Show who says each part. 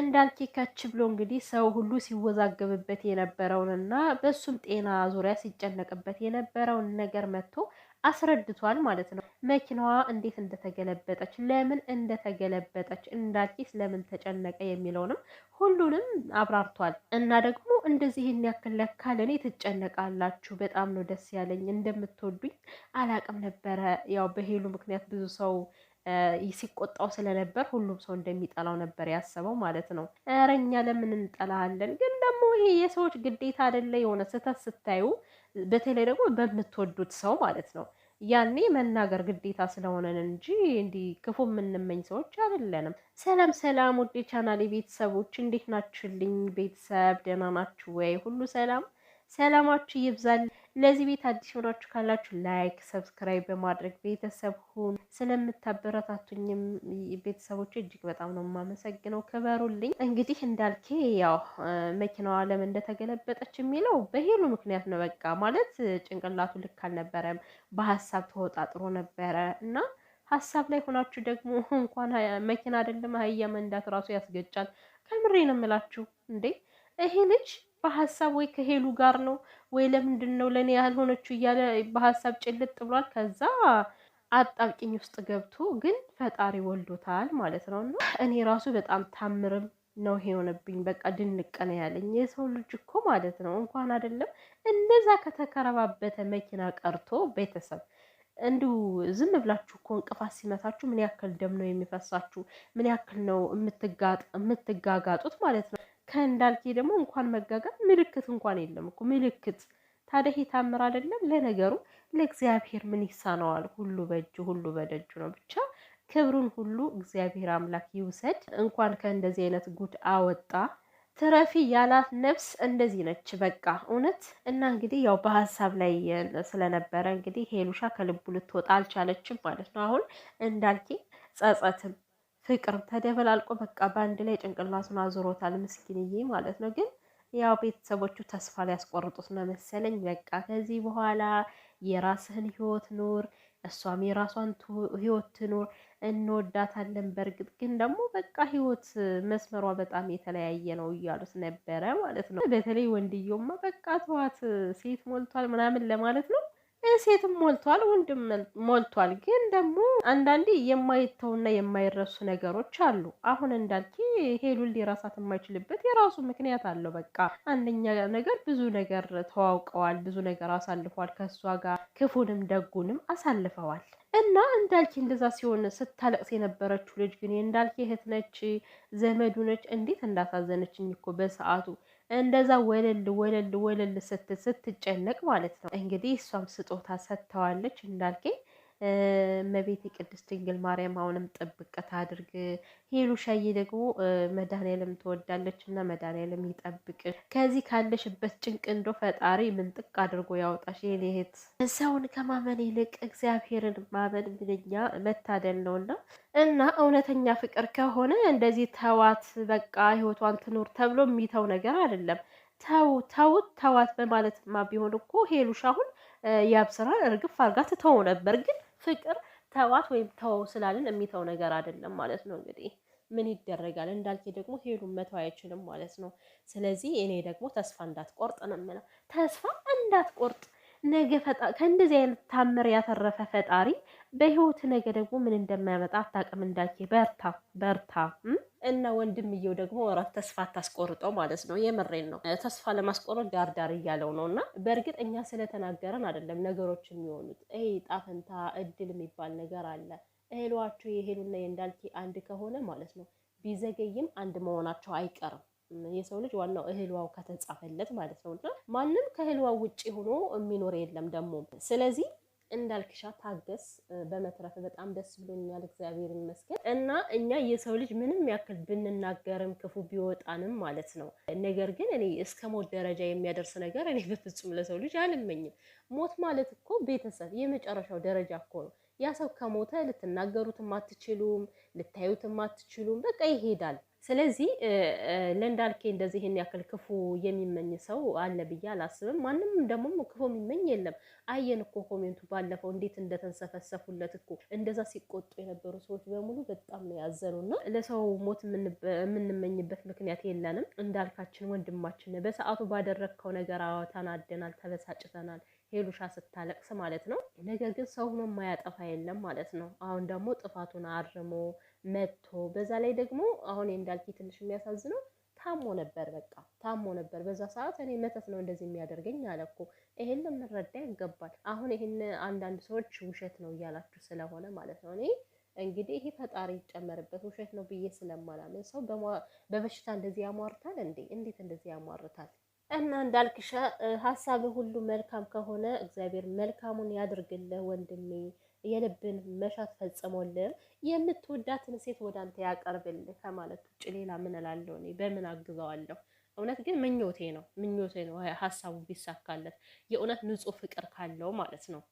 Speaker 1: እንዳልኪ ከች ብሎ እንግዲህ ሰው ሁሉ ሲወዛገብበት የነበረውንና በሱም ጤና ዙሪያ ሲጨነቅበት የነበረውን ነገር መጥቶ አስረድቷል ማለት ነው። መኪናዋ እንዴት እንደተገለበጠች፣ ለምን እንደተገለበጠች፣ እንዳልኪስ ለምን ተጨነቀ የሚለውንም ሁሉንም አብራርቷል እና ደግሞ እንደዚህ ያክል ለካ ለእኔ ትጨነቃላችሁ፣ በጣም ነው ደስ ያለኝ፣ እንደምትወዱኝ አላቅም ነበረ። ያው በሄሉ ምክንያት ብዙ ሰው ሲቆጣው ስለነበር ሁሉም ሰው እንደሚጠላው ነበር ያሰበው ማለት ነው። ኧረ እኛ ለምን እንጠላሃለን? ግን ደግሞ ይሄ የሰዎች ግዴታ አይደለ? የሆነ ስህተት ስታዩ በተለይ ደግሞ በምትወዱት ሰው ማለት ነው ያኔ መናገር ግዴታ ስለሆነን እንጂ እንዲህ ክፉ የምንመኝ ሰዎች አይደለንም። ሰላም ሰላም፣ ውድ የቻናሌ ቤተሰቦች እንዴት ናችሁልኝ? ቤተሰብ ደህና ናችሁ ወይ? ሁሉ ሰላም ሰላማችሁ ይብዛል። ለዚህ ቤት አዲስ ሆናችሁ ካላችሁ ላይክ፣ ሰብስክራይብ በማድረግ ቤተሰብ ሁኑ። ስለምታበረታቱኝም ቤተሰቦች እጅግ በጣም ነው የማመሰግነው። ክበሩልኝ። እንግዲህ እንዳልኬ ያው መኪናዋ ለምን እንደተገለበጠች የሚለው በሄሉ ምክንያት ነው። በቃ ማለት ጭንቅላቱ ልክ አልነበረም። በሀሳብ ተወጣጥሮ ነበረ እና ሀሳብ ላይ ሆናችሁ ደግሞ እንኳን መኪና አይደለም አህያ መንዳት ራሱ ያስገጫል። ከምሬ ነው የምላችሁ እንዴ ይሄ ልጅ በሀሳብ ወይ ከሄሉ ጋር ነው ወይ ለምንድን ነው ለእኔ ያልሆነችው እያለ በሀሳብ ጭልጥ ብሏል። ከዛ አጣብቂኝ ውስጥ ገብቶ ግን ፈጣሪ ወልዶታል ማለት ነው። እና እኔ ራሱ በጣም ታምርም ነው የሆነብኝ። በቃ ድንቀነ ያለኝ የሰው ልጅ እኮ ማለት ነው እንኳን አይደለም እንደዛ ከተከረባበተ መኪና ቀርቶ ቤተሰብ እንዲሁ ዝም ብላችሁ እኮ እንቅፋት ሲመታችሁ ምን ያክል ደም ነው የሚፈሳችሁ? ምን ያክል ነው የምትጋጋጡት ማለት ነው። ከእንዳልኬ ደግሞ እንኳን መጋጋት ምልክት እንኳን የለም እኮ ምልክት። ታዲያ የታምር አይደለም። ለነገሩ ለእግዚአብሔር ምን ይሳነዋል? ሁሉ በእጁ ሁሉ በደጁ ነው። ብቻ ክብሩን ሁሉ እግዚአብሔር አምላክ ይውሰድ። እንኳን ከእንደዚህ አይነት ጉድ አወጣ። ትረፊ ያላት ነፍስ እንደዚህ ነች። በቃ እውነት እና እንግዲህ ያው በሀሳብ ላይ ስለነበረ እንግዲህ ሄሉሻ ከልቡ ልትወጣ አልቻለችም ማለት ነው። አሁን እንዳልኬ ጸጸትም ፍቅር ተደበላልቆ በቃ በአንድ ላይ ጭንቅላቱን አዙሮታል። ምስኪንዬ ማለት ነው። ግን ያው ቤተሰቦቹ ተስፋ ሊያስቆርጡት ነው መሰለኝ። በቃ ከዚህ በኋላ የራስህን ህይወት ኑር፣ እሷም የራሷን ህይወት ትኑር፣ እንወዳታለን። በእርግጥ ግን ደግሞ በቃ ህይወት መስመሯ በጣም የተለያየ ነው እያሉት ነበረ ማለት ነው። በተለይ ወንድየውማ በቃ ተዋት፣ ሴት ሞልቷል ምናምን ለማለት ነው ሴትም ሞልቷል፣ ወንድም ሞልቷል። ግን ደግሞ አንዳንዴ የማይተውና የማይረሱ ነገሮች አሉ። አሁን እንዳልኪ ሄሉን ሊራሳት የማይችልበት የራሱ ምክንያት አለው። በቃ አንደኛ ነገር ብዙ ነገር ተዋውቀዋል፣ ብዙ ነገር አሳልፏል። ከእሷ ጋር ክፉንም ደጉንም አሳልፈዋል። እና እንዳልኪ እንደዛ ሲሆን ስታለቅስ የነበረችው ልጅ ግን እንዳልኪ እህት ነች፣ ዘመዱ ነች። እንዴት እንዳሳዘነችኝ እኮ በሰዓቱ እንደዛ ወለል ወለል ወለል ስትጨነቅ ማለት ነው። እንግዲህ እሷም ስጦታ ሰጥተዋለች እንዳልኬ እመቤቴ ቅድስት ድንግል ማርያም አሁንም ጥብቅ ታድርግ። ሄሉሻዬ ደግሞ መድኃኔዓለም ትወዳለች እና መድኃኔዓለም ይጠብቅ። ከዚህ ካለሽበት ጭንቅ እንዶ ፈጣሪ ምንጥቅ አድርጎ ያወጣሽ። የኔ እህት ሰውን ከማመን ይልቅ እግዚአብሔርን ማመን ምንኛ መታደል ነውና እና እውነተኛ ፍቅር ከሆነ እንደዚህ ተዋት በቃ ህይወቷን ትኑር ተብሎ የሚተው ነገር አይደለም። ተው ተውት ተዋት በማለትማ ቢሆን እኮ ሄሉሽ አሁን ያብስራን እርግፍ አርጋ ትተው ነበር። ግን ፍቅር ተዋት ወይም ተወው ስላልን የሚተው ነገር አይደለም ማለት ነው እንግዲህ ምን ይደረጋል እንዳልክ ደግሞ ሄዱ መተው አይችልም ማለት ነው። ስለዚህ እኔ ደግሞ ተስፋ እንዳትቆርጥ ነው የምለው። ተስፋ እንዳትቆርጥ ነገ ፈጣ ከእንደዚህ አይነት ታምር ያተረፈ ፈጣሪ በህይወት ነገ ደግሞ ምን እንደማያመጣ አታውቅም። እንዳኬ በርታ በርታ እና ወንድምየው ደግሞ እረፍ፣ ተስፋ አታስቆርጠው ማለት ነው። የምሬን ነው። ተስፋ ለማስቆረጥ ዳርዳር እያለው ነው። እና በእርግጥ እኛ ስለተናገረን አይደለም ነገሮች የሚሆኑት። ይሄ ጣፈንታ እድል የሚባል ነገር አለ። እህሏቸው የሄሉና የእንዳልኬ አንድ ከሆነ ማለት ነው ቢዘገይም አንድ መሆናቸው አይቀርም። የሰው ልጅ ዋናው እህልዋው ከተጻፈለት ማለት ነው እና ማንም ከህልዋው ውጭ ሆኖ የሚኖር የለም ደግሞ ስለዚህ እንዳልክሻ ታገስ። በመትረፍ በጣም ደስ ብሎኛል፣ እግዚአብሔር ይመስገን። እና እኛ የሰው ልጅ ምንም ያክል ብንናገርም ክፉ ቢወጣንም ማለት ነው። ነገር ግን እኔ እስከ ሞት ደረጃ የሚያደርስ ነገር እኔ በፍጹም ለሰው ልጅ አልመኝም። ሞት ማለት እኮ ቤተሰብ የመጨረሻው ደረጃ እኮ ነው። ያ ሰው ከሞተ ልትናገሩትም አትችሉም፣ ልታዩትም አትችሉም። በቃ ይሄዳል። ስለዚህ ለእንዳልኬ እንደዚህ ይህን ያክል ክፉ የሚመኝ ሰው አለ ብዬ አላስብም። ማንም ደግሞ ክፉ የሚመኝ የለም። አየን እኮ ኮሜንቱ ባለፈው እንዴት እንደተንሰፈሰፉለት እኮ እንደዛ ሲቆጡ የነበሩ ሰዎች በሙሉ በጣም ነው እና ለሰው ሞት የምንመኝበት ምክንያት የለንም። እንዳልካችን ወንድማችን በሰዓቱ ባደረግከው ነገር ተናደናል፣ ተበሳጭተናል። ሄሉሻ ስታለቅስ ማለት ነው። ነገር ግን ሰው ሆኖ የማያጠፋ የለም ማለት ነው። አሁን ደግሞ ጥፋቱን አርሞ መጥቶ በዛ ላይ ደግሞ አሁን እንዳልኪ ትንሽ የሚያሳዝነው ታሞ ነበር። በቃ ታሞ ነበር በዛ ሰዓት። እኔ መተት ነው እንደዚህ የሚያደርገኝ አለ እኮ። ይሄን ልንረዳ ይገባል። አሁን ይሄን አንዳንድ ሰዎች ውሸት ነው እያላችሁ ስለሆነ ማለት ነው እኔ እንግዲህ ይሄ ፈጣሪ ይጨመርበት ውሸት ነው ብዬ ስለማላምን ሰው በበሽታ እንደዚህ ያሟርታል እንዴ? እንዴት እንደዚህ ያሟርታል? እና እንዳልክሻ ሀሳብ ሁሉ መልካም ከሆነ እግዚአብሔር መልካሙን ያድርግልህ ወንድሜ፣ የልብን መሻት ፈጽሞልህ የምትወዳትን ሴት ወደ አንተ ያቀርብልህ ከማለት ውጭ ሌላ ምን እላለሁ? እኔ በምን አግዘዋለሁ? እውነት ግን ምኞቴ ነው ምኞቴ ነው ሀሳቡ ቢሳካለት የእውነት ንጹህ ፍቅር ካለው ማለት ነው።